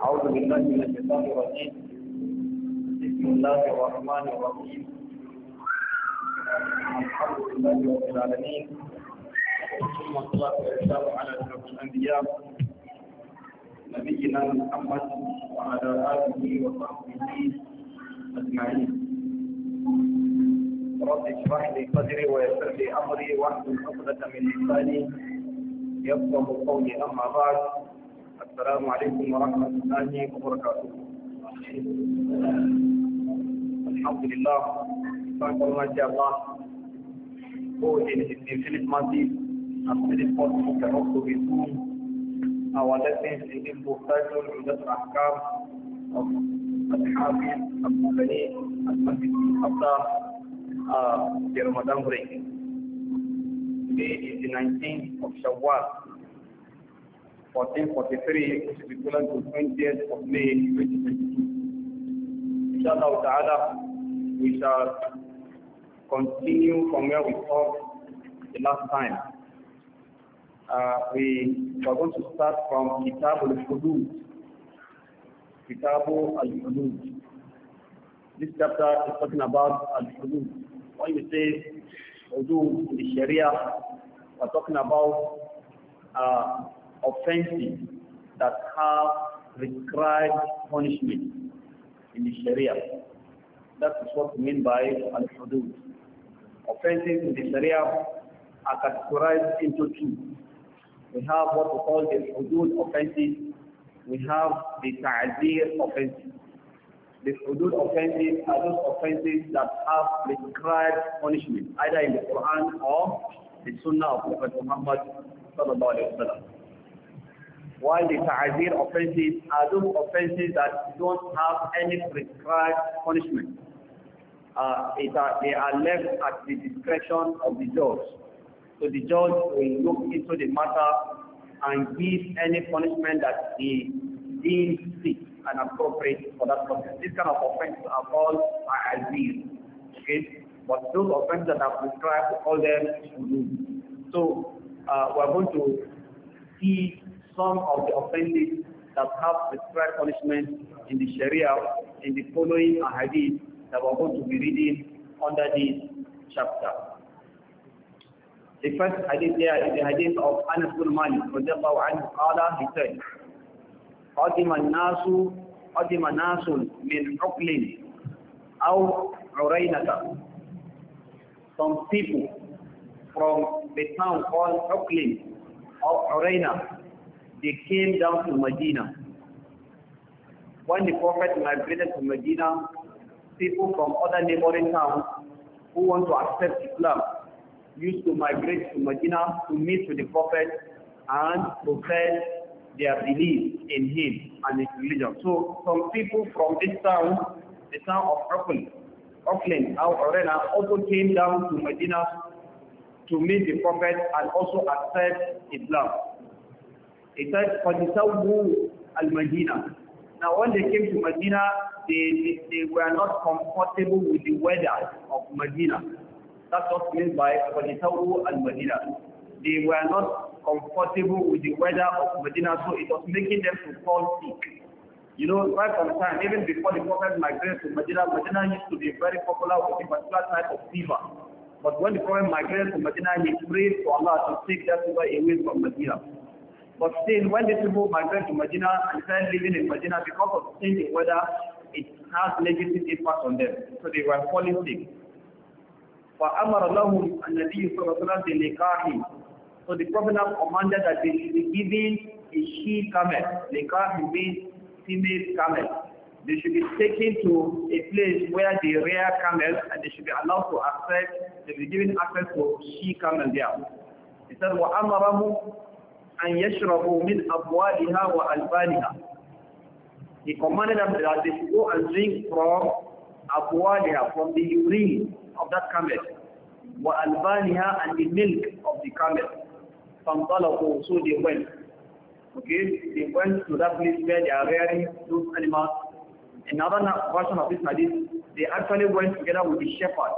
أعوذ بالله من الشيطان الرجيم بسم الله الرحمن الرحيم الحمد لله رب العالمين ثم الصلاة والسلام على أشرف الأنبياء نبينا محمد وعلى آله وصحبه أجمعين رب اشرح لي صدري ويسر لي أمري واحلل عقدة من لساني يفقه قولي أما بعد السلام عليكم ورحمة الله وبركاته الحمد Allah who in His infinite mercy has made it possible for us to resume our lessons in this book Today is the 19th of Shawwal, 1443, which is equivalent to 20th of May 2022. Inshallah ta'ala, we shall continue from where we stopped the last time. Uh, we are going to start from Kitab al-Hudud. Kitab al-Hudud. This chapter is talking about al-Hudud. When you say hudud in the Sharia, we're talking about uh, offenses that have prescribed punishment in the Sharia. That is what we mean by al-hudud. Offenses in the Sharia are categorized into two. We have what we call the hudud offenses. We have the ta'zir offenses. The hudud offenses are those offenses that have prescribed punishment, either in the Quran or the Sunnah of Prophet Muhammad sallallahu alayhi wa While the ta'zir offenses are those offenses that don't have any prescribed punishment. Uh, are, they are left at the discretion of the judge. So the judge will look into the matter and give any punishment that he deems fit and appropriate for that person. These kind of offenses are called ta'azir. Okay? But those offenses that are prescribed, all them hudud. So, uh, we're going to see some of the offenses that have prescribed punishment in the Sharia in the following hadith that we're going to be reading under this chapter. The first hadith there is the hadith of Anas bin Malik, radiallahu anhu, qala, he said, قدم الناس قدم ناس من عقل أو عرينة some people from the town called Uqlin or Uraina, they came down to Medina. When the Prophet migrated to Medina, people from other neighboring towns who want to accept Islam used to migrate to Medina to meet with the Prophet and profess their belief in him and his religion. So some people from this town, the town of Auckland, Auckland, now Arena, also came down to Medina to meet the Prophet and also accept Islam. It said, فَجِسَوْهُ al-Medina. Now when they came to Medina, they, they, they were not comfortable with the weather of Medina. That's what means by فَجِسَوْهُ al-Medina. They were not comfortable with the weather of Medina, so it was making them to fall sick. You know, right from time, even before the Prophet migrated to Medina, Medina used to be very popular with a particular type of fever. But when the Prophet migrated to Medina, he prayed for Allah to take that fever away from Medina. But still, when the people migrated to Medina and started living in Medina because of changing weather, it has negative impact on them. So they were falling sick. فأمر لهم النبي صلى الله عليه وسلم بلقاحهم so the Prophet now commanded that they should be given a she camel. They Nikah means female camel. They should be taken to a place where they rear camels and they should be allowed to access, they should be given access to she camel there. He said, وَأَمَرَهُمْ أَنْ يَشْرَبُوا مِنْ أَبْوَالِهَا وَأَلْبَانِهَا He commanded them that they should go and drink from أبوالها, from the urine of that camel. وَأَلْبَانِهَا and the milk of the camel. Fantalako, so they went. Okay, they went to that place where they are rearing those animals. Another version of this hadith, they actually went together with the shepherd.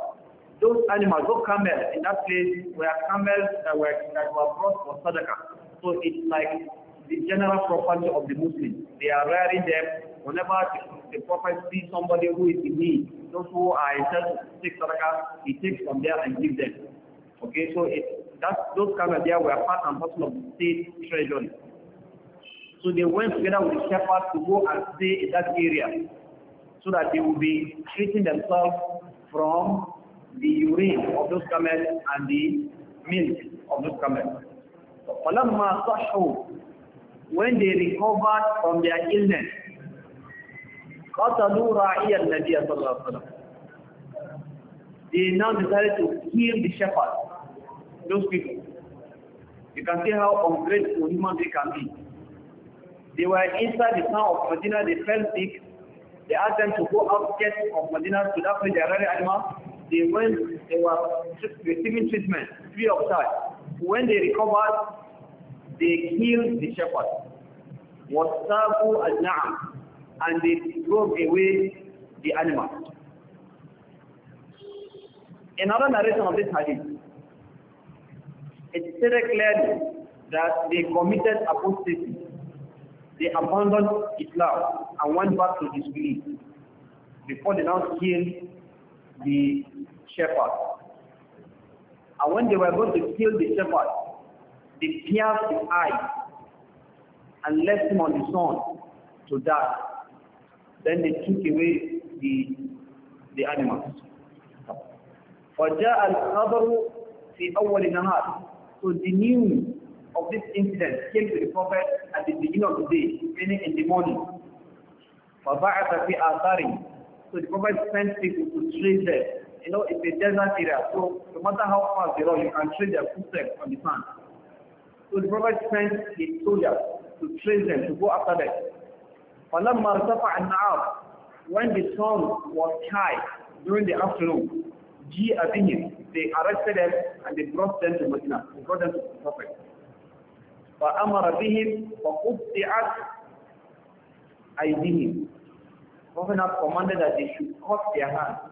Those animals, those camels in that place were camels that were, that were brought for sadaqah. So it's like the general property of the Muslims. They are rearing them whenever the, the prophet sees somebody who is in need. Those who are in charge to take sadaqah, he takes from there and gives them. Okay, so it's that, those camels there were part and parcel of the state treasury. So they went together with the shepherds to go and stay in that area so that they would be treating themselves from the urine of those camels and the milk of those camels. فَلَمَّا When they recovered from their illness, They now decided to kill the shepherds those people. You can see how ungrateful human they can be. They were inside the town of Medina, they fell sick. They asked them to go get of Medina to that place they animal. They went, they were receiving treatment free of charge. When they recovered, they killed the shepherd. وَالسَّاقُوا النَّعَمْ And they drove away the animal. Another narration of this hadith, it stated clearly that they committed apostasy. They abandoned Islam and went back to disbelief before they now killed the shepherd. And when they were going to kill the shepherd, they pierced his eye and left him on his own to die. Then they took away the, the animals. فجاء الخبر في أول نهار so the news of this incident came to the Prophet at the beginning of the day, meaning in the morning. we are آثَارٍ So the Prophet sent people to trace them. You know, it's a desert area, so no matter how far they are, you can trace their footsteps on the sand. So the Prophet sent his soldiers to trace them, to go after them. فَلَمَّا ارْتَفَعَ النَّعَابِ When the sun was high during the afternoon, جِيَ بِهِمْ they arrested them and they brought them to Medina. They brought them to the Prophet. فَأَمَرَ بِهِمْ فَقُبْتِعَتْ أَيْدِهِمْ Prophet had commanded that they should cut their hands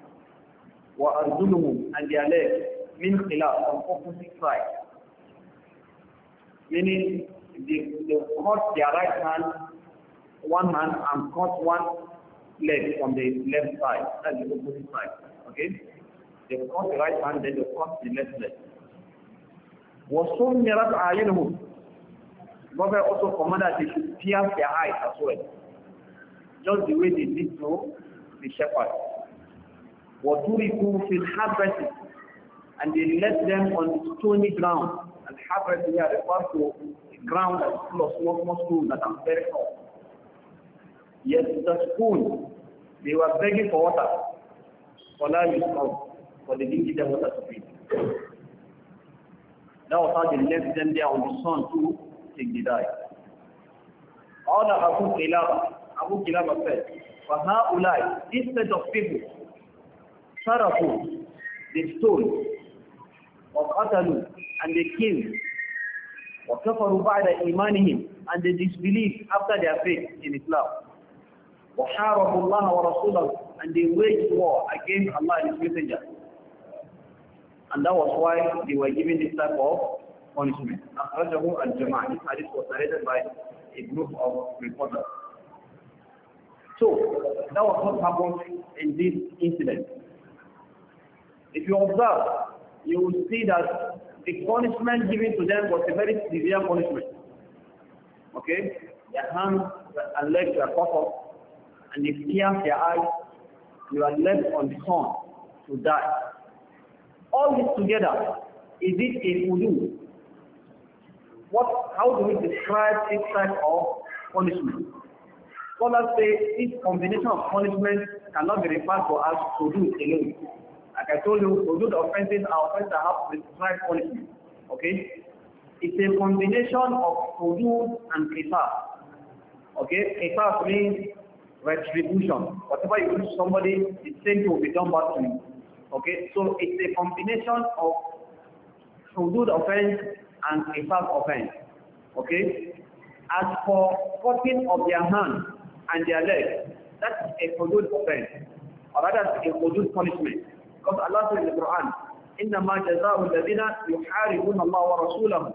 وَأَرْجُلُهُمْ and their legs min khilaf from opposite sides. Meaning they, they cut their right hand, one hand and cut one leg from the left side, that's the opposite side. Okay? They cut the right hand, then they cut the left leg. وَصُمِّرَتْ عَيُنُهُمْ Prophet also commanded they should pierce their eyes as well. Just the way they did to the shepherd. وَتُرِكُوا فِي الْحَبَّةِ And they left them on the stony ground. And habbat here refers to the ground that is full of small, small stones that are very hot. Yes, the spoon, they were begging for water. فَلَا يُسْقَوْا but they didn't give them water to drink. That was how they left them there on the sun too till they died. All of Abu Kilaba, Abu Kilaba said, "For فَهَؤُلَاءِ This set of people, صَرَفُوا They stole, وَقَتَلُوا And they killed, وَكَفَرُوا بَعْدَ إِيمَانِهِمْ And they disbelieved after their faith in Islam. وَحَارَبُوا اللَّهَ وَرَسُولَهُ And they waged war against Allah and His Messenger. And that was why they were given this type of punishment. Akhrajahu al-Jama'ah. This hadith was narrated by a group of reporters. So, that was what happened in this incident. If you observe, you will see that the punishment given to them was a very severe punishment. Okay? Their hands and legs were cut off, and they pierced their eyes. You are left on the sun to die. All this together, is it a wudu? What, how do we describe this type of punishment? Scholars say this combination of punishment cannot be referred to as hudud alone. Like I told you, hudud offenses are offenses that have prescribed punishment. Okay? It's a combination of hudud and qisas. Okay? Qisas means retribution. Whatever you do to somebody, the same will be done back to you. Okay, so it's a combination of hudud offense and ifab offense. Okay, as for cutting of their hand and their leg, that's a hudud offense, or rather a hudud punishment. Because Allah says in the Quran, إنما جزاء الذين يحاربون الله ورسوله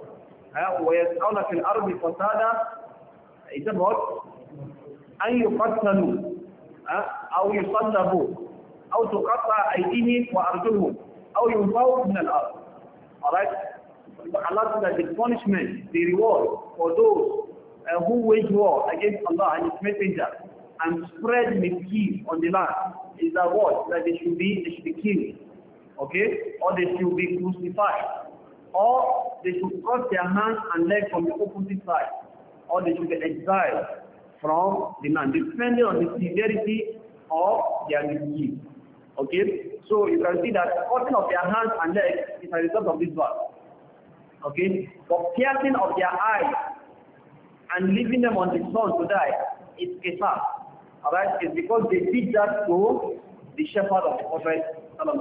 ويسعون في الأرض فسادا إذا what? أن يقتلوا أو يصلبوا أو تقطع أيديهم وأرجلهم أو ينفوا من الأرض. Alright? Allah said that the punishment, the reward for those uh, who wage war against Allah and His Messenger and spread mischief on the land is that what? That they should be, they should be killed. Okay? Or they should be crucified. Or they should cut their hands and legs from the opposite side. Or they should be exiled from the land, depending on the severity of their mischief. Okay, so you can see that cutting of their hands and legs is a result of this verse. Okay, but piercing of their eyes and leaving them on the sun to die is kisar. Alright, it's because they did that to the shepherd of the prophet. That was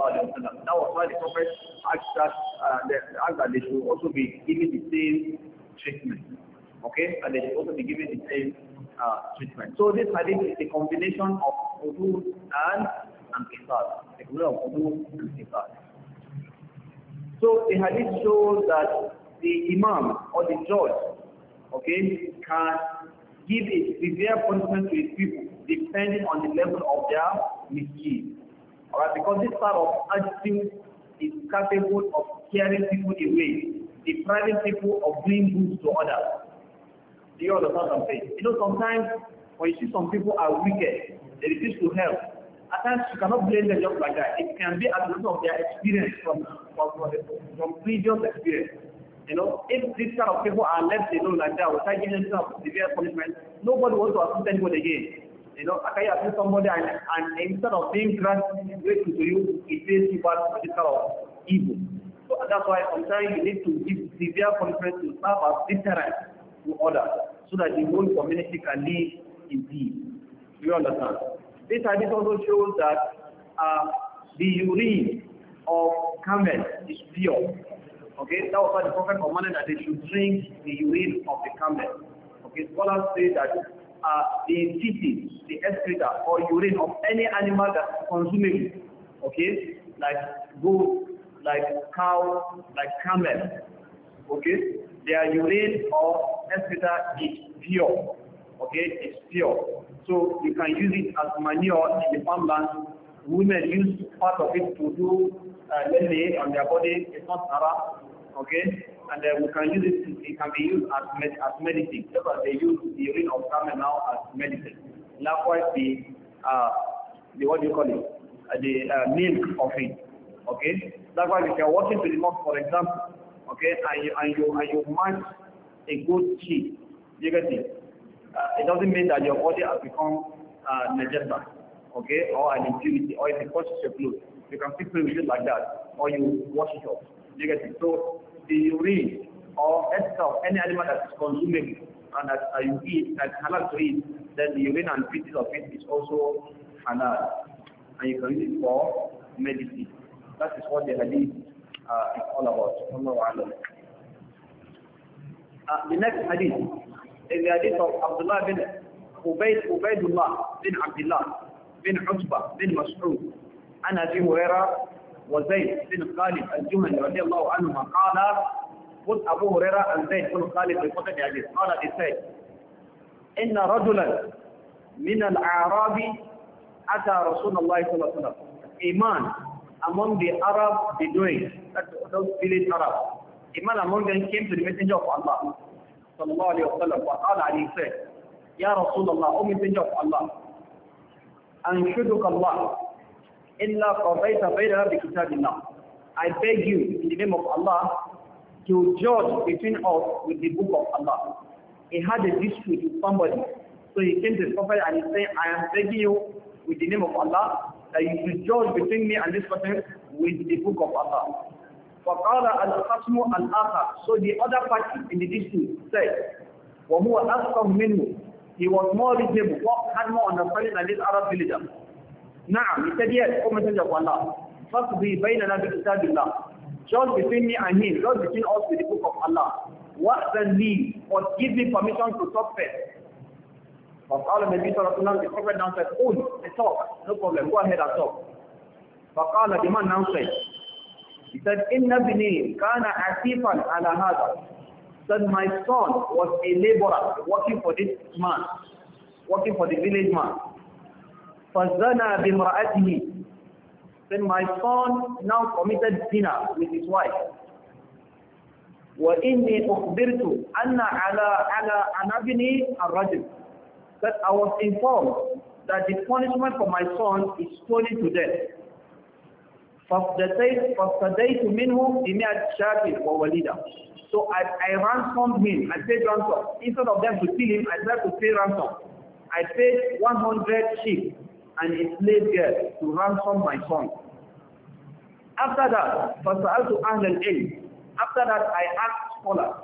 why the prophet asked that, uh, the, asked that they should also be given the same treatment. Okay, and they should also be given the same uh, treatment. So this hadith is a combination of udu and the of so the hadith shows that the imam or the judge okay can give a severe punishment to his people depending on the level of their misdeed. all right because this part of attitude is capable of carrying people away depriving people of doing good to others do you understand what i'm saying you know sometimes when you see some people are wicked they refuse to help at times you cannot blame them just like that. It can be a result of their experience from, from, from previous experience. You know, if these kind of people are left alone like that without giving themselves severe punishment, nobody wants to assist anybody again. You know, after you assist somebody and, and instead of being grateful to you, it pays you back for this kind of evil. So that's why sometimes you need to give severe punishment to serve as deterrent to others so that the whole community can live in peace. Do you understand? This hadith also shows that uh, the urine of camel is pure. Okay, that was why the Prophet commanded that they should drink the urine of the camel. Okay, scholars say that uh, the feces, the excreta, or urine of any animal that's consuming, okay, like goat, like cow, like camel, okay, their urine or excreta is pure. okay, it's pure. So you can use it as manure in the farmland. Women use part of it to do uh, on their body. It's not haram, okay? And then uh, we can use it, it can be used as, med as medicine, just as they use the urine of camel now as medicine. Likewise, the, uh, the what do you call it, uh, the uh, milk of it, okay? Likewise, if you're walking to the mosque, for example, okay, and you, and you, and you match a good cheese, you get it? Uh, it doesn't mean that your body has become uh, okay, or an impurity, or if it touches your clothes, you can still use it like that, or you wash it off. You get it? So the urine or excess any animal that is consuming and that uh, you eat, that halal to eat, then the urine and feces of it is also halal, and you can use it for medicine. That is what the hadith uh, is all about. uh, the next hadith اللي هديته عبد الله بن عبيد عبيد الله بن عبد الله بن عتبة بن مسعود عن أبي هريرة وزيد بن خالد الجمل رضي الله عنهما قال قلت أبو هريرة عن زيد بن خالد بن عزيز قال لسيد إن رجلا من الأعراب أتى رسول الله صلى الله عليه وسلم إيمان among the Arab Bedouin, that those village Arab. Imam among them came to the messenger of Allah. sallallahu alayhi wa sallam, فقال and he said, Ya Rasulullah, O Messenger of Allah, أنشدك الله إلا قضيت بينها بكتاب الله. I beg you in the name of Allah to judge between us with the book of Allah. He had a dispute with somebody. So he came to the Prophet and he said, I am begging you with the name of Allah that you should judge between me and this person with the book of Allah. فقال الخصم الآخر so the other party in the dispute said وهو أفقه منه he was more reasonable had more understanding than this Arab villager نعم he said yes O Messenger of Allah فاقضي بيننا بكتاب الله just between me and him just between us with the book of Allah What then, Me, or give me permission to talk first فقال النبي صلى الله عليه وسلم the prophet now said قل talk no problem go ahead and talk فقال the man now said he said, Inna bini kana atifan ala hada. That my son was a laborer working for this man, working for the village man. Fazana bimra'atihi. Then my son now committed zina with his wife. وإني أخبرت أن على على أن ابني الرجل that I was informed that the punishment for my son is stoning to death. فَصَدَيْتُ مِنْهُ إِمِيَةَ شَاكِرْ وَوَلِيدًا So I, I ransomed him, I paid ransom. Instead of them to kill him, I tried to pay ransom. I paid 100 sheep and a slave girl to ransom my son. After that, فَسَأَلْتُ أَهْلَ الْعِلْمِ After that, I asked scholars,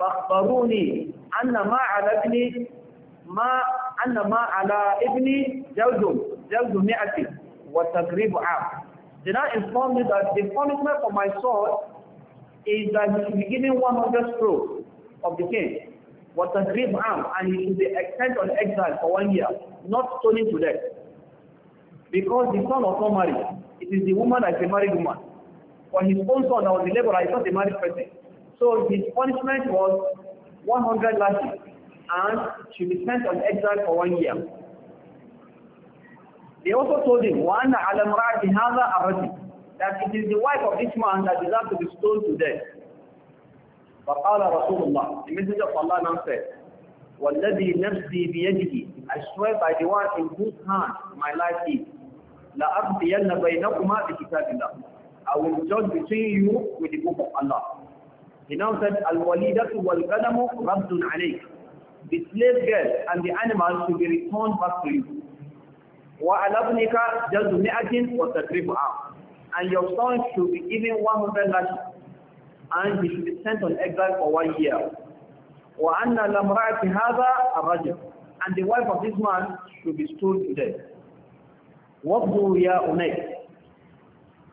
فَأَخْبَرُونِي أَنَّ مَا عَلَى ابْنِي مَا أَنَّ مَا عَلَى ابْنِي جَوْزُ جَوْزُ مِئَةٍ وَتَقْرِيبُ عَامٍ Did I inform you that the punishment for my sword is that he should be given 100 strokes of the king, what a grave arm, and he should be exiled on exile for one year, not stoning to death. Because the son of not married. It is the woman that a married woman. For his own son that was the laborer, is not a married person. So his punishment was 100 lashes and should be sent on exile for one year. They also told him, وَأَنَّ عَلَى مْرَأَةِ هَذَا أَرَجِمْ That it is the wife of this man that deserves to be stoned to death. فَقَالَ رَسُولُ اللَّهِ The messenger of Allah now said, وَالَّذِي نَفْسِي بِيَدِهِ I swear by the one in whose hand my life is. لَأَقْضِيَنَّ بَيْنَكُمَا بِكِتَابِ اللَّهِ I will judge between you with the book of Allah. He now said, Al-walidatu wal-ganamu rabdun alayk. The slave girl and the animals will be returned back to you. وعلى ابنك جلد مئة وتقريبها and your son should be given 100 lashes and he should be sent on exile for one year وأن لامرأة هذا الرجل and the wife of this man should be stoned to death وَقْضُوا يَا أُنَيْسِ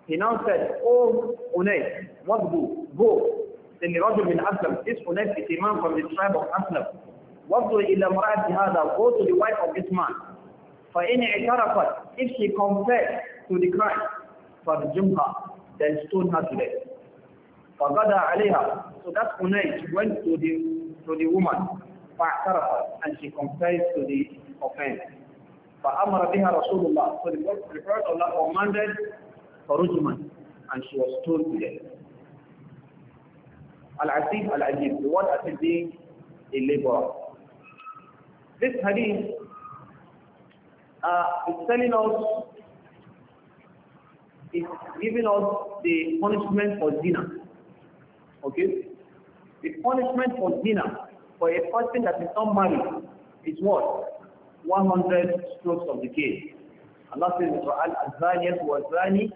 He now said, O oh, Unais, what do? Go. Then the Rajul bin Aslam, this Unais is a man from the tribe of Aslam. What do ila marati hada? Go to the wife of this man. فَإِنْ اعْتَرَفَتْ If she confessed to the crime, فَرْجُمْهَا Then stone her to death. فَغَدَى عَلَيْهَا So that Unayt went to the, to the woman, فَاعْتَرَفَتْ And she confessed to the offense. فَأَمَرَ بِهَا رَسُولُ اللَّهِ So the Prophet Allah commanded فَرُجْمًا And she was stoned to death. Al-Asif Al-Ajib, the one being a laborer. This hadith uh, it's telling us, it's giving us the punishment for zina. Okay? The punishment for zina for a person that is not married is what? 100 strokes of the cane. Allah says in Quran, "Azaniyat wa zani,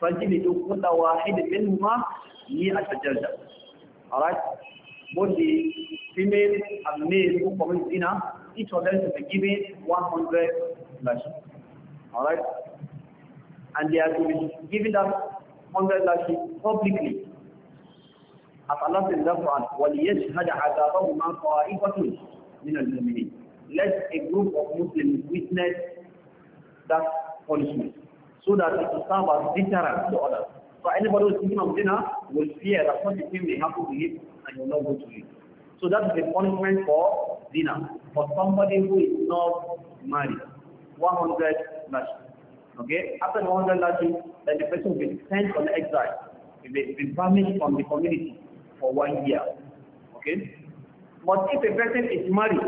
fajlidu kulla wahid minhuma mi'ata jalda." All right. Both the female and male who commit zina, each of them is given 100 Alright? And they are to be given that 100 lashes publicly. As Allah says in Let a group of Muslims witness that punishment so that it will serve as deterrent to others. So anybody who is thinking of dinner will fear that something may happen to him and he will not go to it. So that is the punishment for dinner, for somebody who is not married. 100 lashes. Okay, after 100 lashes, then the person will be sent on exile. He will be banished from the community for one year. Okay, but if a person is married,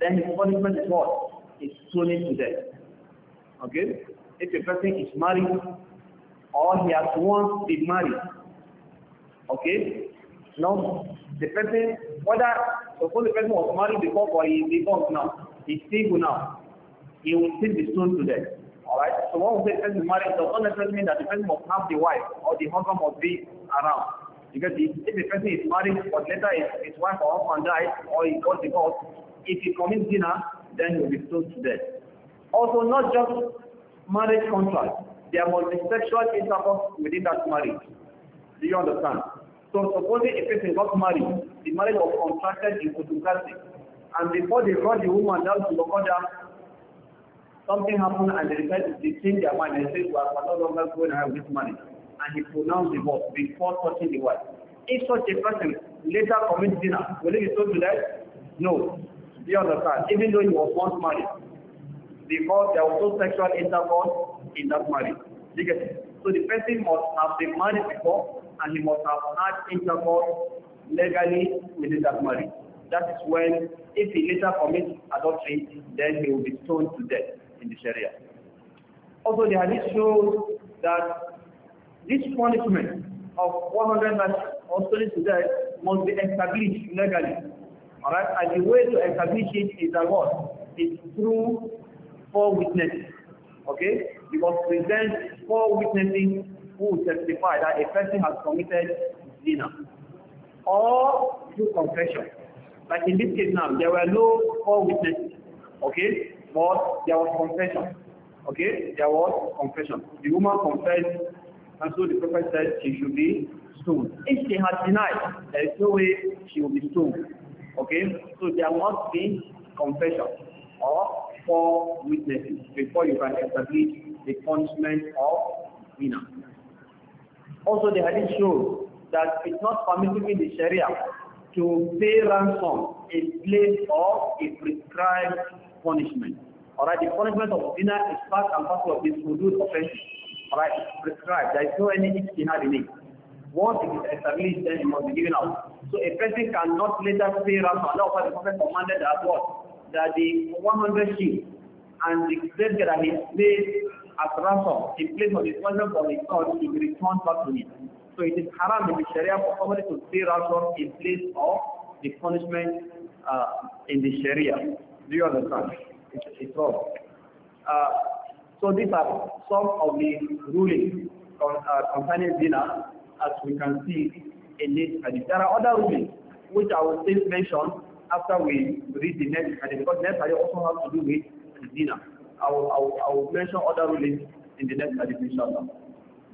then his punishment is what? Is stoning to death. Okay, if a person is married or he has once been married, okay, now the person, whether suppose the person was married before or he divorced now, he's single now. he will still be soon to death. Alright? So what we say person marriage. does not necessarily mean that the person must have the wife or the husband must be around. Because if, if the person is married but later his, his wife or husband dies or he got divorced, if he commits dinner, then he will be stoned to death. Also, not just marriage contract. There must be sexual intercourse within that marriage. Do you understand? So supposing a person got married, the marriage was contracted in Kutukasi. And before they brought the woman down to Lokoja, Something happened and they request to change their mind and say well, no longer going ahead with money. And he pronounced the divorce before touching the wife. If such a person later commits dinner, will he be told to that? No. Do you understand? Even though he was once married, because there was no sexual intercourse in that marriage. You So the person must have been married before and he must have had intercourse legally within that marriage. That is when, if he later commits adultery, then he will be stoned to death in the Sharia. Also, the hadith shows that this punishment of 100 lashes or stones to death must be established legally. Alright, and the way to establish it is that what? It's through four witnesses. Okay? Because present four witnesses who testify that a person has committed zina. Or through confession. Like in this case now, there were no four witnesses. Okay? But there was confession. Okay? There was confession. The woman confessed, and so the prophet said she should be stoned. If she had denied, there is no way she will be stoned. Okay? So there must be confession or four witnesses before you can establish the punishment of winner. Also, the hadith shows that it's not permissible in the Sharia to pay ransom in place of a prescribed punishment. Alright, the punishment of dinner is part and parcel of this hudud offense. Alright, it's prescribed. There is no any ijtihad in it. Once it is established, then it must be given out. So a person cannot later pay ransom. Allah the Prophet commanded that what? That the 100 sheep and the treasure that he paid as ransom in place of the hundred of his son should be returned back to him. So it is haram in the Sharia for somebody to pay ransom in place of the punishment uh, in the Sharia. Do you understand? It's, it's wrong. Uh, so these are some of the rulings on, uh, concerning dinner, as we can see in this hadith. There are other rulings which I will still mention after we read the next hadith, because next hadith also has to do with dinner. I will, I will, I will mention other rulings in the next hadith, inshallah.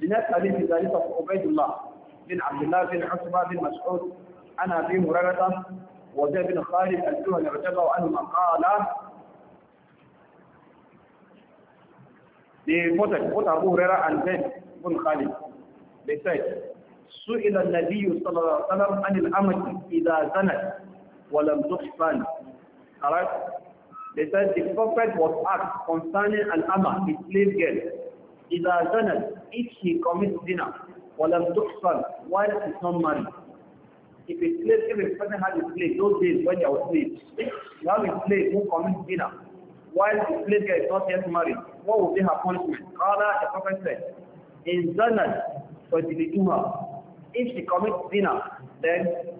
The next hadith is the hadith of Ubaidullah bin Abdullah bin Usman bin Mas'ud عن أبي هريرة وزيد بن خالد الجهني رتبه عنهما قال لفتك قلت أبو هريرة عن زيد بن خالد بسيد سئل النبي صلى الله عليه وسلم عن الأمة إذا زنت ولم تحصن خلاص They said the prophet was asked concerning an ama his slave girl, إذا زنت, if she commits dinner, ولم تحصن, while she's not married. If a slave, if a person has a slave, those days when you are slave, you have a slave who commits dinner, while the slave girl is not yet married, what will be her punishment? Rather, the Prophet said, in Zanat, فَجْلِدُهَا If she commits dinner, then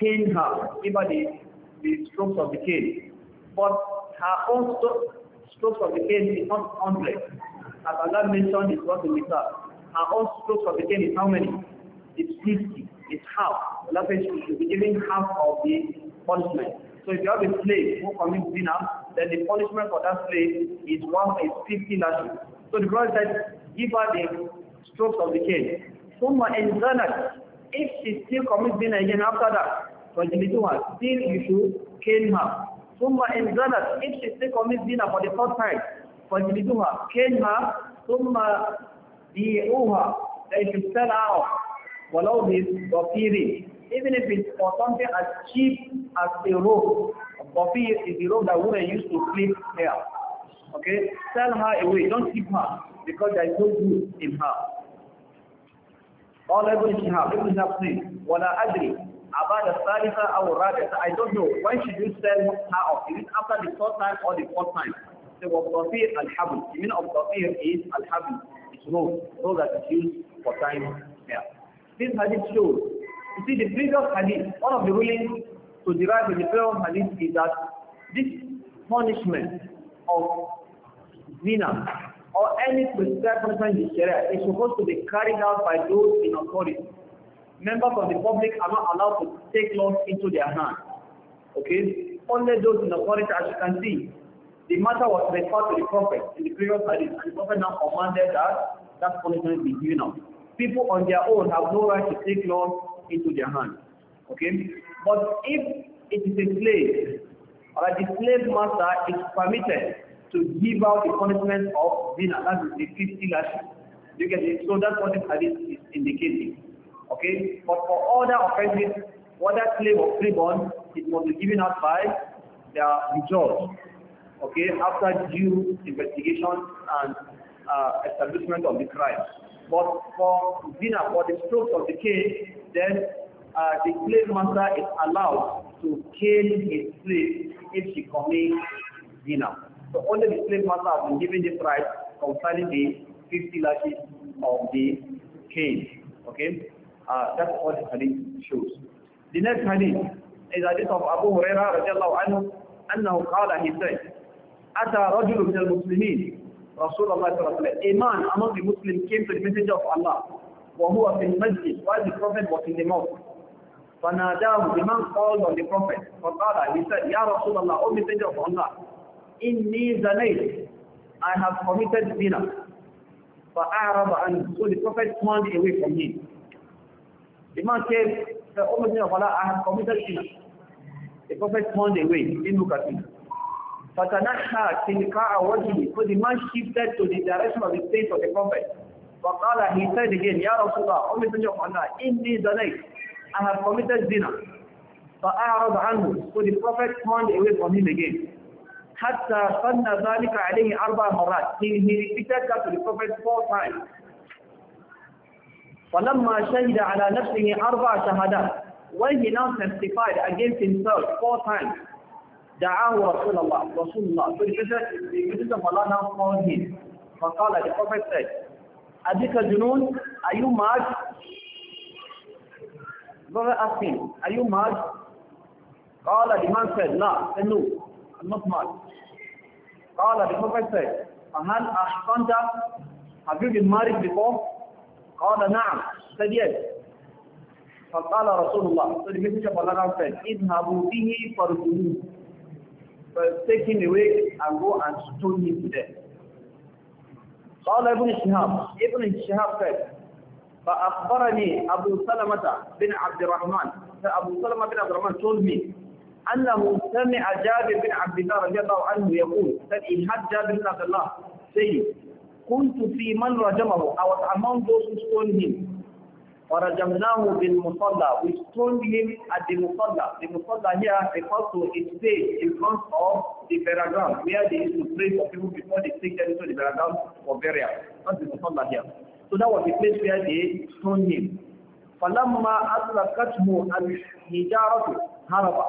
cane her, give her the, the strokes of the cane. But her own strokes of the cane is not complex. As Allah mentioned, it's what the Mithaq. Her own strokes of the cane is how many? It's 50. is half. That means you should be giving half of the punishment. So if you have a slave who commits dinner, then the punishment for that slave is one is 50 lashes. So the brother said, give her the strokes of the cane. Summa enzalat. If she still commits dinner again after that, for the little one, still you should cane her. Summa enzalat. If she still commits dinner for the third time, for the little one, cane her. Summa di'uha. Then you should sell her off. Walau this kafiri, even if it's for something as cheap as a rope, kafir is a rope that women used to clip hair. Okay, sell her away, don't keep her because there is no good in her. All I'm Let me Ibn Shihab What I agree about the Salisa or rabbit, I don't know. When should you sell her off? Is it after the third time or the fourth time? So what kafir al-habl, the meaning of kafir is al-habl, it's rope, rope that is used for time. Yeah. This hadith shows. You see, the previous hadith, one of the rulings to derive from the previous hadith is that this punishment of zina or any punishment in Sharia is supposed to be carried out by those in authority. Members of the public are not allowed to take laws into their hands. Okay? Only those in authority, as you can see, the matter was referred to the Prophet in the previous hadith, and the Prophet now commanded that that punishment be given out. people on their own have no right to take law into their hands. Okay? But if it is a slave, or the slave master is permitted to give out the punishment of dinner. that is the fifty lashes. You get it? So that's what this hadith is indicating. Okay? But for other offenses, whether slave or freeborn, it must be given out by their judge. Okay? After due investigation and uh, establishment of the crime. But for dinner, for the stroke of the case, then uh, the slave master is allowed to kill his slave if she commits dinner. So only the slave master has been given the right concerning the 50 lashes of the cane. Okay? Uh, that's what the hadith shows. The next hadith is hadith of Abu Huraira, radiallahu anhu, أنه he said, أتى رجل من المسلمين Rasulullah a man among the Muslims came to the messenger of Allah وهو في mentioned. while the prophet was in the mosque فناداه the man called on the prophet he said "Ya Rasulullah, O messenger of Allah in me زنيت I have committed zina so the prophet turned away from him the man said O messenger of Allah I have committed zina the prophet turned away didn't look at him فَتَنَحَّى تِلْقَاءَ وَجْهِ So the man shifted to the direction of the face of the Prophet. فَقَالَ He said again, Ya Rasulullah, O Messenger of Allah, إِنِّي ذَنَيْتِ I have committed zina. فَأَعْرَضْ عَنْهُ So the Prophet turned away from him again. حَتَّى صَنَّ ذَلِكَ عَلَيْهِ أَرْبَعَ مَرَاتِ He repeated that to the Prophet four times. فَلَمَّا شَهِدَ عَلَى نَفْسِهِ أَرْبَعَ شَهَدَاتِ When he now testified against himself four times, دعاه رسول الله رسول الله فجلس فجلس فلا نقاضي فقال للبروفيت سيد أديك جنون أي مارج بغى أسين أي مارج قال لمن سيد لا إنه النص مارج قال للبروفيت سيد فهل أحقنت have you been married before قال نعم said yes فقال رسول الله صلى الله عليه وسلم اذهبوا به فارجوه but take him away and go and stone him to death. قال ابن شهاب ابن شهاب said فأخبرني أبو سلمة بن عبد الرحمن أبو سلمة بن عبد الرحمن told me أنه سمع جابر بن عبد الله رضي الله عنه يقول that he had جابر بن عبد الله saying كنت في من رجمه I was among those who stoned him bin بِالْمُصَلَّى We stoned him at the Musalla. The Musalla here refers to a place in front of the burial where they used to pray for people before they take them to the burial for burial. That's the Musalla here. So that was the place where they stoned him. فَلَمَّا al الْحِجَارَةُ haraba.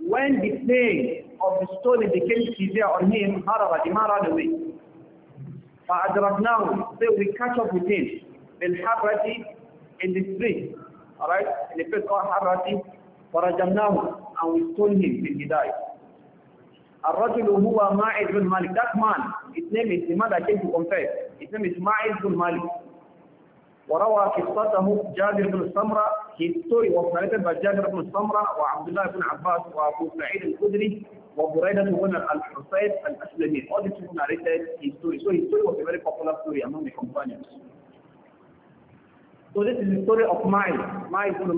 When the pain of the stoning became severe on him, haraba, The man ran away. فَأَدْرَكْنَاهُ So we catch up with him. بِالْحَرَّةِ in the street, alright, in a place called Harati, فرجمناه and we stone him till he died. الرجل هو ماعز bin Malik. that man his name is the man that came to confess his name is ماعز bin Malik. وروى قصته جابر بن سمرة his story was narrated بن سمرة وعبد الله بن عباس وأبو سعيد الخدري وبريدة بن الحسين الأسلمي all these people narrated his story so his story was a very popular story among the companions so this is the story of Ma'i, Ma'i ibn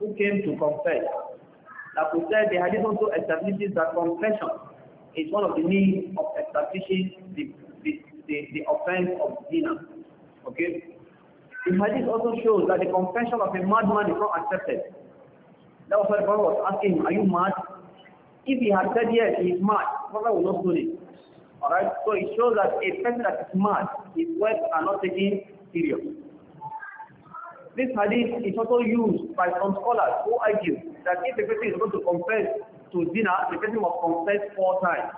who came to confess. That we said the hadith also establishes that confession is one of the means of establishing the, the, the, the offense of dinner. Okay? The hadith also shows that the confession of a madman is not accepted. That was why the Prophet was asking, are you mad? If he had said yes, he is mad, Prophet would not do it. Alright? So it shows that a person that is mad, his words are not taken seriously. This hadith is also used by some scholars who argue that if a person is going to confess to zina, the person must confess four times.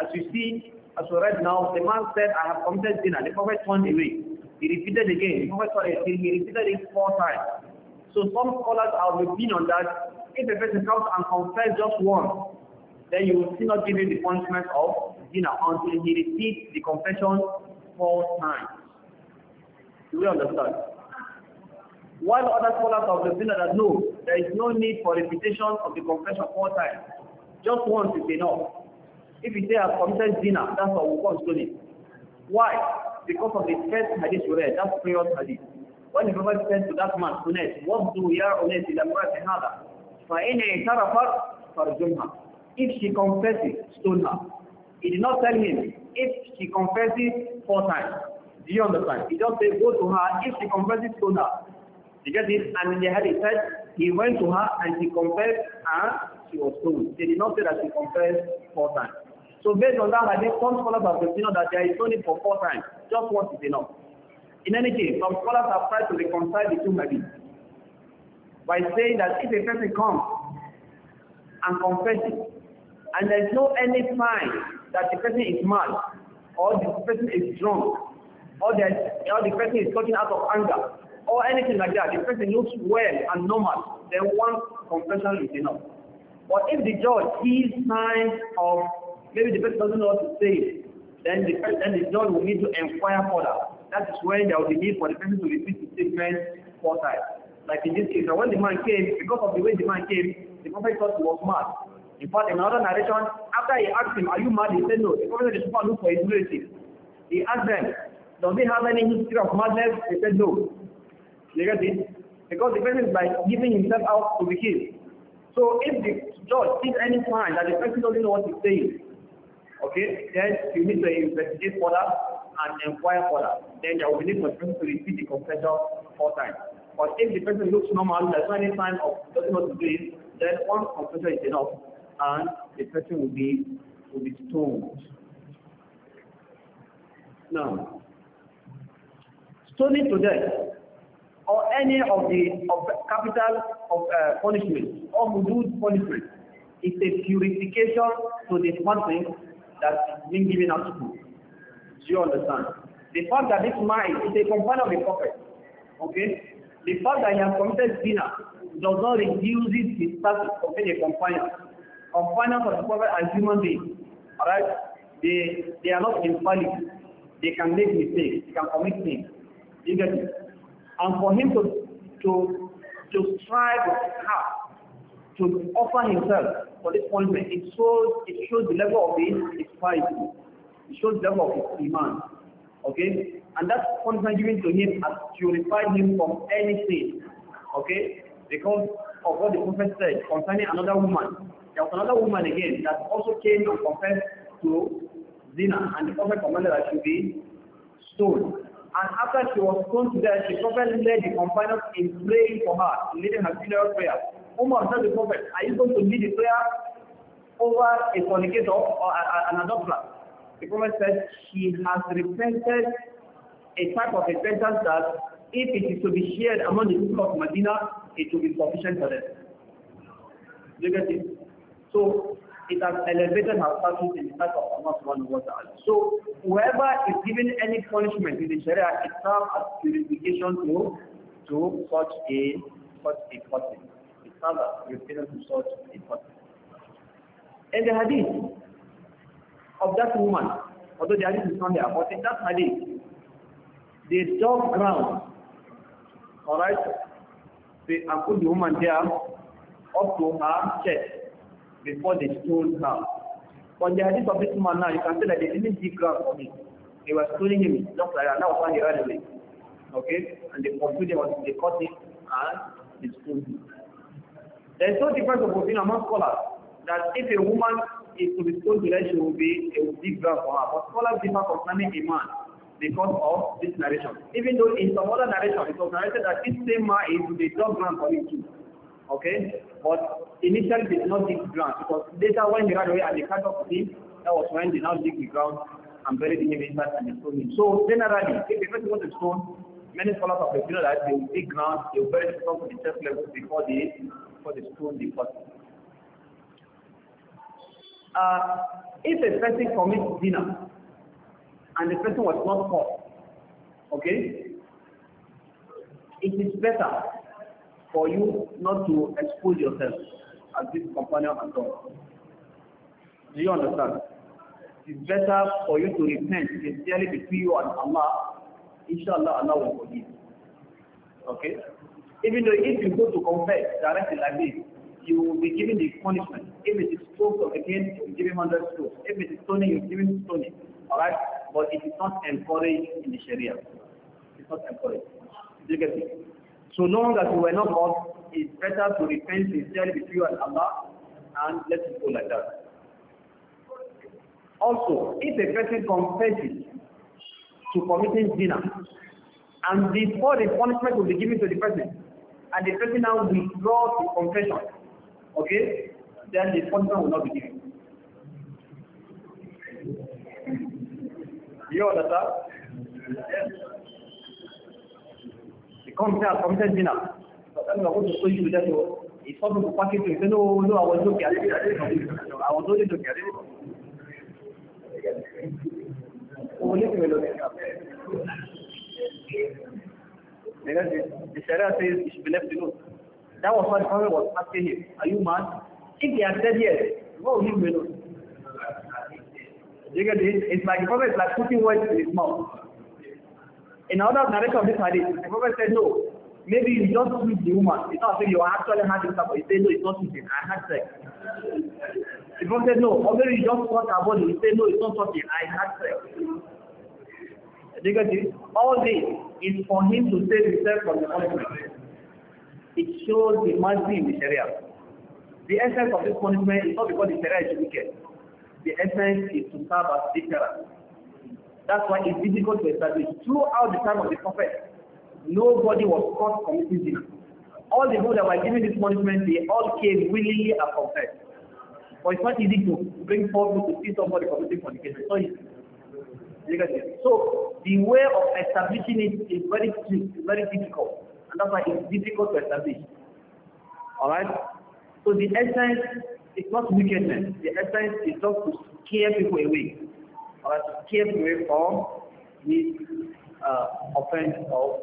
As you see, as we read now, the man said, I have confessed zina. The prophet turned away. He repeated again. The prophet turned again. He repeated it four times. So some scholars have been on that if a person comes and confesses just once, then you will still not give him the punishment of zina until he repeats the confession four times. Do we understand? While other scholars of the Sunnah that no, there is no need for repetition of the confession four times. Just once is enough. If you say I've committed dinner, that's what we call stoning. Why? Because of the first hadith we read, that's previous hadith. When the Prophet said to that man, Unes, what do ya Unes ila mrati hada? فَإِنْ اِعْتَرَفَتْ فَرْجُمْهَا If she confesses, stone her. He did not tell him, if she confesses four times. Do you understand? He just said, go to her, if she confesses, stone her. Because this, and Yahari said, he went to her and he confessed and she was told. They did not say that she confessed four times. So based on that, I think some scholars have considered that there is no need for four times. Just once is enough. In any case, some scholars have tried to reconcile the two hadiths by saying that if a person comes and confesses and there is no any sign that the person is mad or the person is drunk or that you know, the person is talking out of anger or anything like that. The person looks well and normal, then one confession is enough. But if the judge sees signs of maybe the person doesn't know what to say, then the person, then the judge will need to inquire further. That is when there will be need for the person to repeat the statement four times. Like in this case, when the man came, because of the way the man came, the prophet thought he was mad. In fact, in another narration, after he asked him, are you mad? He said no. The prophet said the look for his relative. He asked them, Does it have any history of madness? They said no. You Because the person is giving himself out to be killed. So if the judge sees any sign that the person doesn't know what he's saying, okay, then you need to investigate further and inquire further. Then there will be need for him to repeat the confession four times. But if the person looks normal, there's any sign of doesn't know what to do, then one confession is enough and the person will be will be stoned. Now stoning to death, or any of the of capital of uh, punishment or hudud punishment is a purification to the something that is being given out to you. Do you understand? The fact that this man is a companion of the prophet, okay? The fact that he has committed sin does not reduce his status of being a companion. Companions of the prophet are human beings, alright? They, they are not infallible. They can make mistakes, they can commit things. You get it? And for him to to to strive hard to offer himself for this punishment, it shows it shows the level of his, his piety. It shows the level of his demand. Okay? And that punishment given to him has purified him from any Okay? Because of what the prophet said concerning another woman. There was another woman again that also came and confessed to Zina and the prophet commanded that she be stoned. And after she was considered, she prophet led the companions in praying for her, leading her funeral prayer. Umar said the prophet, are you going to lead the prayer over a fornicator or an adulterer? The prophet said, she has repented a type of repentance that if it is to be shared among the people of Medina, it will be sufficient for them. Look at this. So it has elevated her status in the sight of Allah subhanahu wa ta'ala. So whoever is given any punishment in the Sharia, it serves as purification to, to such a such a person. It serves as purification to such a person. In the hadith of that woman, although the hadith is not there, but in that hadith, the dug ground, alright, and put the woman there up to her chest before they stole her. On the hadith of this man now, you can see that they didn't give ground for him. They were stealing him, just like that. That was why he ran away. Okay? And they pursued him, they caught him, and they stole him. There is no difference of opinion among scholars that if a woman is to be sold to she will be a big ground for her. But scholars differ concerning a man because of this narration. Even though in some other narration, it was narrated that this same man is to be dog ground for him too. Okay? But initially they did not dig the ground because later when they ran away and they cut off him, that was when they now dig the ground and buried him in that and they stone him. So generally, if the person wants to stone, many scholars of the period that they will dig ground, they will bury the person to the chest level before they before they stone the person. Uh, if a person commits dinner and the person was not caught, okay, it is better for you not to expose yourself as this companion has done. Do you understand? It's better for you to repent sincerely between you and Allah. Inshallah, Allah will forgive. Okay? Even though if you go to confess directly like this, you will be given the punishment. If it is strokes of again, you will give him 100 strokes. If it is stoning, you will give him stoning. Alright? But it is not encouraged in the Sharia. It's not encouraged. Do you get it? So long as you were not God, it's better to repent sincerely with you and Allah and let it go like that. Also, if a person confesses to committing zina, and before the punishment will be given to the person, and the person now withdraws the confession, okay, then the punishment will not be given. You understand? Yes. The committed, committed zina. sọ́nà ó tó sóyún jáde ìfọ́nù kò pákéjì ìpínlẹ̀ olú àwọn lókè àwọn tó lè lókè àdé òun ní ìwé lókè The Sharia says you should be left alone. That was what the Prophet was asking him. Are you mad? If had said yes, what would alone? You get it? It's like the Prophet is like putting words in his mouth. In order to of this hadith, the Prophet said no. Maybe you just with the woman. It's not saying you actually had this but you say, no, it's not with I had sex. The Prophet said, no. Or maybe you just touch her body. You say, no, it's not touching. I had sex. Because all this is for him to save himself from the punishment. It shows the mercy in the Sharia. The essence of this punishment is not because the Sharia is wicked. The essence is to serve as deterrent. That's why it's difficult to establish throughout the time of the Prophet. Nobody was caught committing this. All the people that were given this punishment, they all came willingly and confessed. But it's not easy to bring forward to see somebody committing fornication. So, So the way of establishing it is very very difficult. And that's why it's difficult to establish. Alright? So the essence is not wickedness. The essence is just to scare people away. Alright, to scare people away from this uh, offense of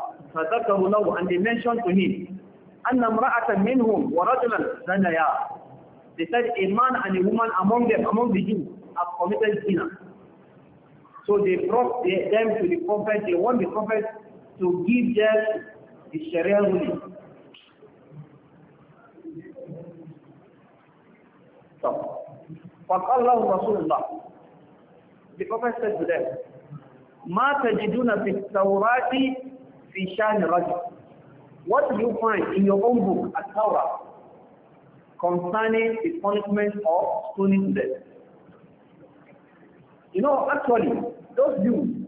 فذكروا له and they mentioned to him أن امرأة منهم ورجلا زنيا They said a man and a woman among them, among the Jews, have committed sin.' So they brought them to the prophet. They want the prophet to give them the Sharia ruling. So, فقال له رسول الله The prophet said to them, ما تجدون في التوراة What do you find in your own book, at Torah concerning the punishment of stoning to death? You know, actually, those Jews,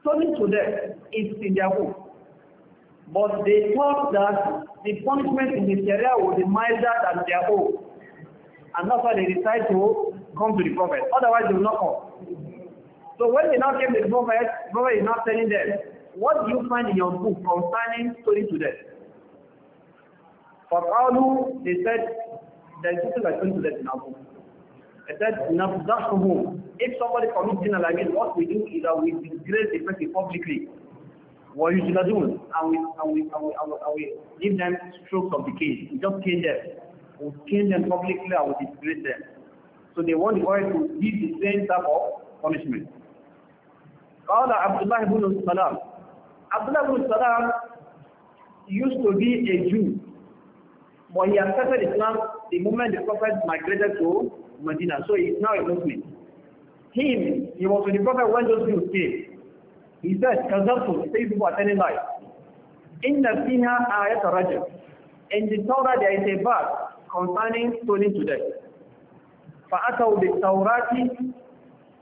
stoning to death is in their book. But they thought that the punishment in the Sharia would be milder than their own. And that's why they decided to come to the Prophet. Otherwise, they will not come. So when they now came to the Prophet, the Prophet is not telling them, what do you find in your book concerning story to death? فَقَالُوا They said, there is something like story to death in our book. They said, نَفْضَحُهُمْ If somebody commits sin like this, what we do is that we disgrace the person publicly. وَيُجْلَدُونَ and we, and, we, and, we, and, we, and we give them strokes of the cane. We just cane them. We cane them publicly and we disgrace them. So they want the to give the same type of punishment. قال عبد الله بن السلام Abdullah ibn Salam used to be a Jew, but he accepted Islam the moment the Prophet migrated to Medina, so he is now a Muslim. Him, he was with the Prophet when those Jews came. He said, Kazatu, he said people are telling lies. In the Fiha Ayat Rajab, in the Torah there is a verse concerning stoning to death. فَأَتَوْا بِالتَّوْرَاتِ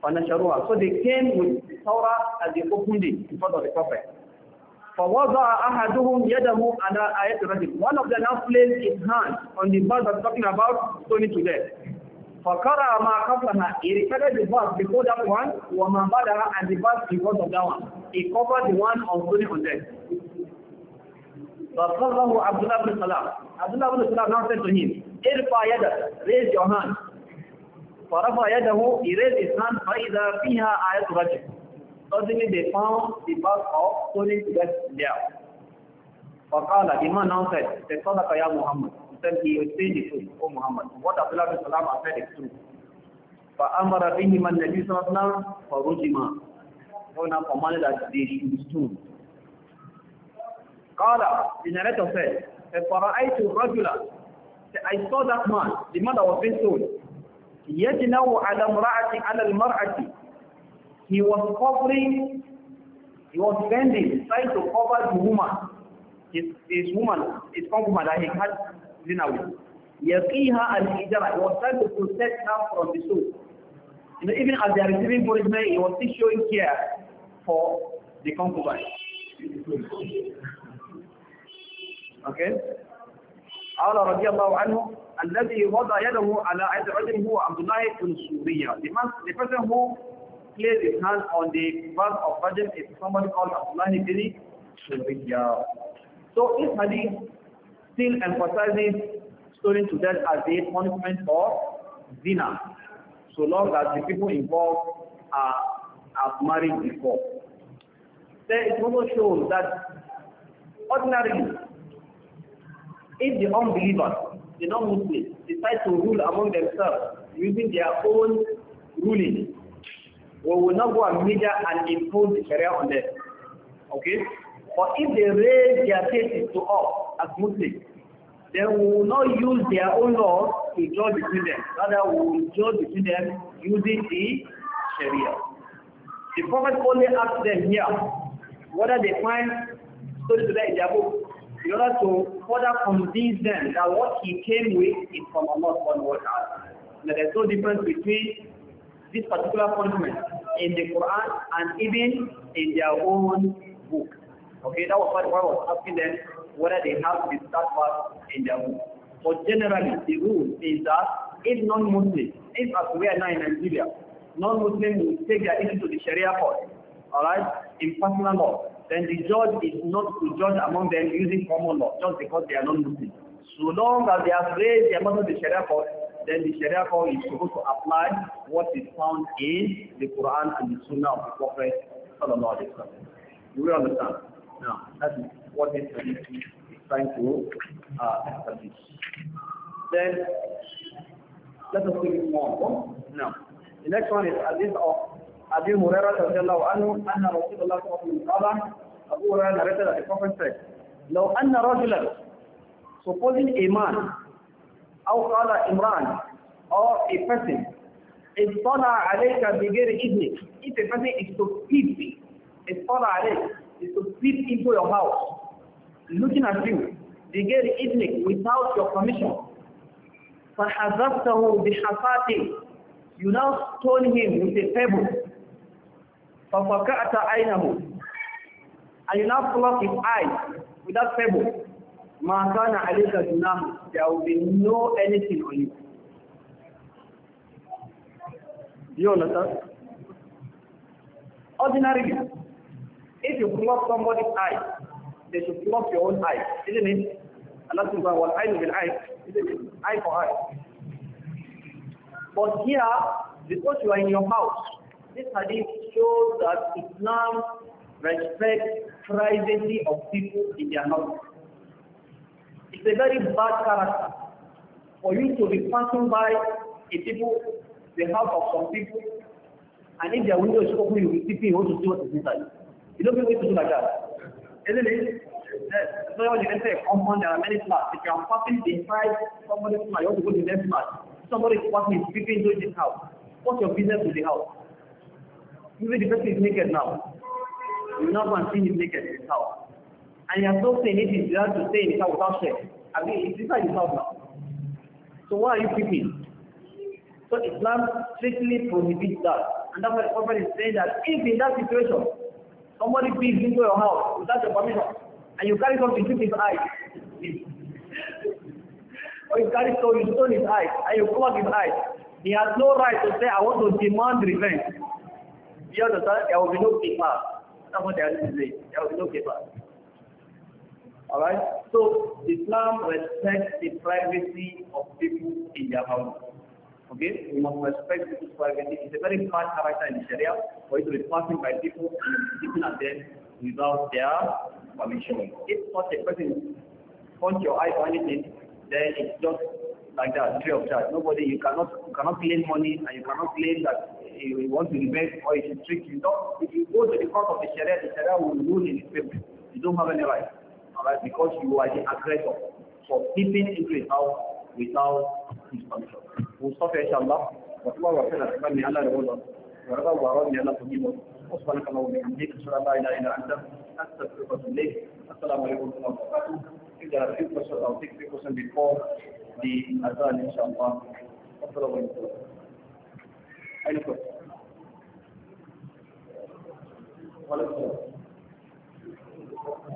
فَنَشَرُوهَا So they came with the Torah and they opened it in front of the Prophet. فَوَضَعَ أَحَدُهُمْ يَدَهُ عَلَى آيَةِ رَجِلٍ One of them now placed his hand on the verse that's talking about stoning to death. فَقَرَأَ مَا قَبْلَهَا He recited the verse before that one, وَمَا بَعْدَهَا and the verse because of that one. He covered the one on stoning on death. فَقَرَّهُ عَبْدُ اللَّهِ بْنِ سَلَامٍ Abdullah Salam now said to him, إِرْفَى يَدَكَ Raise your hand. فَرَفَى يَدَهُ He raised his hand فَإِذَا the آيَةُ رَجِلٍ doesn't defend the verse of pulling death there. فقال the man now said, صدق يا Muhammad. He said, he is saying the truth, O Muhammad. What Abdullah bin Salam has said is true. فأمر بهما النبي صلى الله عليه وسلم فرجما. So now commanded that they should be stoned. قال the narrator said, فرأيت الرجل I saw that man, the man that was being stoned. يجنو على امرأة على المرأة he was covering, he was bending, trying to cover the woman, his, his woman, his concubine that he had dinner with. Yaqiha al-hijra, he was trying to protect her from the soul. You know, even as they are receiving punishment, he was still showing care for the concubine. Okay? قال رضي الله عنه الذي وضع يده على عد عدم هو عبد الله بن سوريا the person who place his hand on the verse of Rajam is somebody called Abdullah ibn Shuriya. So this hadith still emphasizes stoning to death as a punishment for zina, so long as the people involved are, are married before. there is also shown that ordinarily, if the unbelievers, the non-Muslims, decide to rule among themselves using their own ruling, we will not go and measure and impose the Sharia on them. Okay? But if they raise their cases to us as Muslims, then we will not use their own laws to judge between them. Rather, we will judge between them using the Sharia. The Prophet only asked them here whether they find stories today in their book in order to further convince them that what he came with is from Allah subhanahu wa ta'ala. That there's no difference between this particular punishment in the Quran and even in their own book. Okay, that was what I was asking them whether they have this that part in their book. But generally, the rule is that if non muslim if as we are now in Nigeria, non muslim will take their issue to the Sharia court, all right, in personal law, then the judge is not to judge among them using common law just because they are non muslim So long as they have raised the amount of the Sharia court, then the Sharia law is supposed to apply what is found in the Quran and the Sunnah of the Prophet Sallallahu Alaihi Wasallam. You will understand. Now, that's what this hadith is trying to uh, establish. Then, let us take it more. Now, the next one is hadith of Abi Hurairah radiallahu anhu, anna Rasulullah sallallahu alaihi wasallam, Abu Hurairah narrated that the Prophet said, لو أن رجلا supposing a man أو قال إمران or a person is اطلع عليك بغير إذنك if a person is to peep is اطلع عليك is to peep into your house looking at you بغير إذنك without your permission فحذفته بحفاته you now stone him with a pebble ففكأت عينه and you now pluck his eyes with that pebble ma kana alayka junah, there will be no anything on you. You understand? Ordinarily, if you block somebody's eye, they should block your own eye, isn't it? Allah subhanahu wa ta'ala bil eye, isn't it? Eye for eye. But here, because you are in your house, this hadith shows that Islam respects privacy of people in their house. It's a very bad character for you to be passing by a people, the house of some people, and if their window is open, you will see people want to see what is inside. You don't know what to do like that. Isn't it? That's why you can say, compound, there are many flats. If you are passing inside somebody's flat, you want to go to the next flat. Somebody is passing, is peeping into this house. What's your business with the house? Even the person is naked now. You will go and see him naked in his house and you are so saying it is better to stay in the car without share. I mean, it's inside the So why are you keeping? So Islam strictly prohibits that. And that's why the Prophet is saying that if in that situation, somebody peeks into your house without your permission, and you carry something to his eyes, or you carry so you stone his eyes, and you plug his eyes, he has no right to say, I want to demand revenge. You understand? There will be no paper. That's what they are saying. There will be no paper. All right? So Islam respects the privacy of people in their house. Okay? We must respect people's privacy. It's a very bad character in Sharia for it to be passing by people and at them without their permission. If such a person punch your eye or anything, then it's just like that, free of charge. Nobody, you cannot, you cannot claim money and you cannot claim that you want to invest or you should trick you. No, if you go to the court of the Sharia, the Sharia will rule in its favor. You don't have any right right? Because you are the aggressor for so keeping into his house without his permission. We'll stop here, inshallah. وصلى الله وسلم على من الله رضا ورضا ورضا الله تجيبه وسبحانك اللهم وبحمدك اشهد ان لا اله الا انت استغفرك واتوب اليك السلام عليكم ورحمه الله وبركاته if there are few questions i'll take few questions before the azan inshallah وصلى الله وسلم any questions وعليكم السلام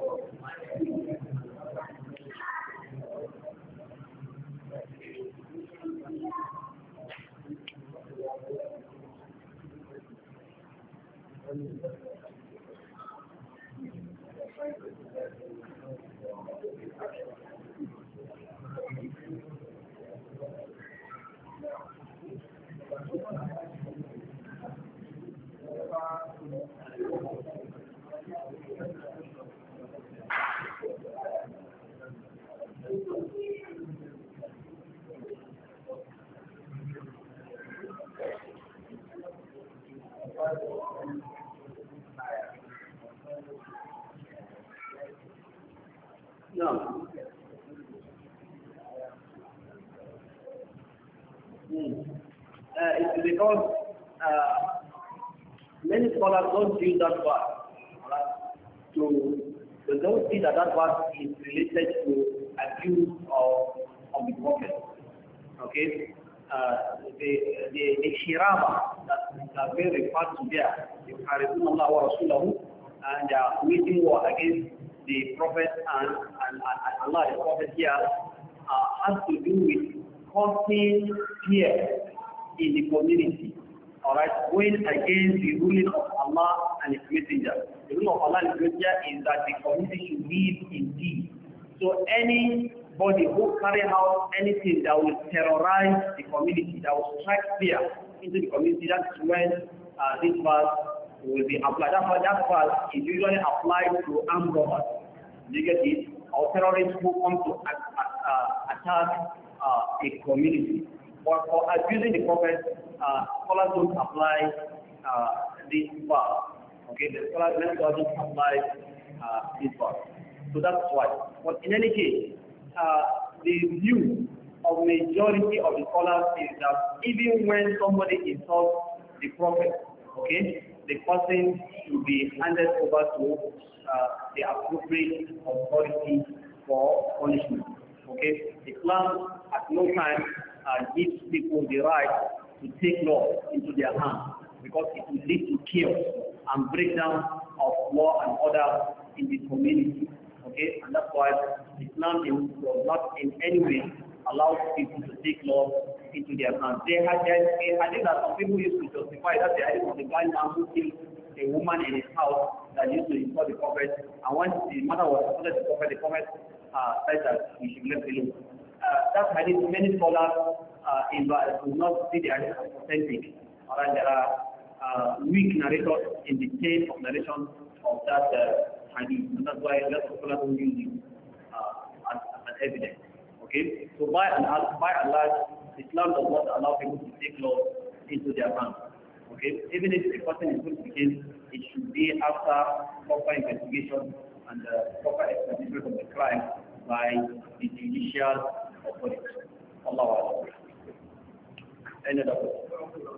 Hmm. Uh, it's because uh, many scholars don't use that word. to they don't see that that word is related to abuse of of the prophet. Okay, uh, the the the shirama that that they refer to there, the Allah wa Rasulahu, and uh, waging war against the Prophet and, and, and Allah, the Prophet here, uh, has to do with causing fear in the community. Alright, going against the ruling of Allah and His Messenger. The rule of Allah and His Messenger is that the community should live in peace. So anybody who carry out anything that will terrorize the community, that will strike fear into the community, that's when uh, this verse will be applied. That's why that verse is usually applied to armed robbers. You get it? Or terrorists who come to at, at, uh, attack uh, a community. but for abusing the prophet, uh, scholars don't apply uh, this verse. Okay, the scholars don't apply uh, this verse. So that's why. But in any case, uh, the view of majority of the scholars is that even when somebody insults the prophet, okay, the person to be handed over to uh, the appropriate authority for punishment. Okay, the clan at no time uh, gives people the right to take law into their hands because it will lead to chaos and breakdown of law and order in the community. Okay, and that's why the is, was not in any way allows people to take laws into their hands. They had a hadith that some people used to justify that the hadith of the blind man who killed a woman in his house that used to insult the prophet. And once the mother was under the prophet, the prophet uh, said that we should leave the Uh, that hadith, many scholars uh, in uh, do not see the hadith as authentic. All right, there are uh, weak narrators in the chain of narration of that uh, hadith. And that's why a of scholars don't use it uh, as, as evidence. Okay? So by and, by and large, Islam does not allow people to take laws into their hands. Okay? Even if a person is going to begin, it should be after proper investigation and uh, proper explanation of the crime by the judicial authority. Allah Any other question?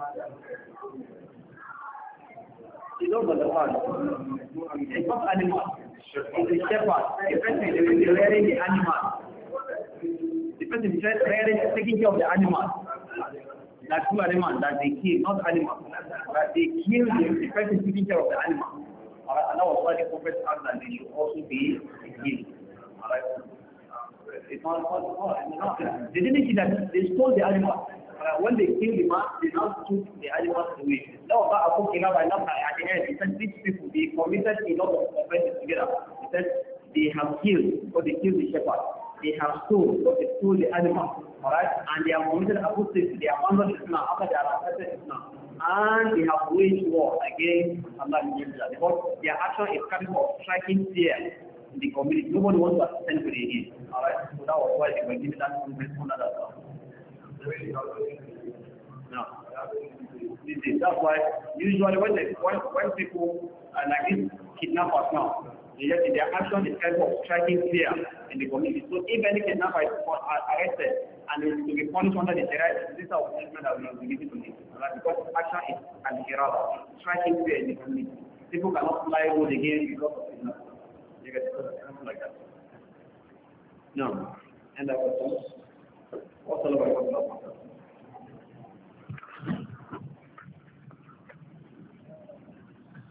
not but the one. It's not animal. It's a shepherd. The person is rearing the animal. The person is rearing, taking care of the animal. That two animals that they kill, not animal. That they kill the, the person taking care of the animal. Alright, and that was why the prophet asked that they should also be killed. Alright. It's not, it's not, it's not. They didn't see that they stole the animal. Uh, when they kill the man, they now took the animals away. Now about Abu Kilab and Nafra at the end, he said these people, they committed a lot of offenses together. He said they have killed, or they killed the shepherd. They have sold, or they stole the animal. Alright? And they have committed apostasy, they have abandoned Islam after they have accepted Islam. And they have waged war against Allah in Israel. Because their action is capable of striking fear in the community. Nobody wants to ascend to the again. Alright? So that was why they were given that to the respondent as no. That's why usually when, they, when, when people are like these kidnappers now, they just, their action is kind of striking fear in the community. So if any kidnapper is uh, arrested and is to be punished under the Sharia, this is our punishment that we will give to them. Because action is an error, striking fear in the community. People cannot fly road again because of kidnapping. You get something like that. No. And that was all. 我走了，我走了。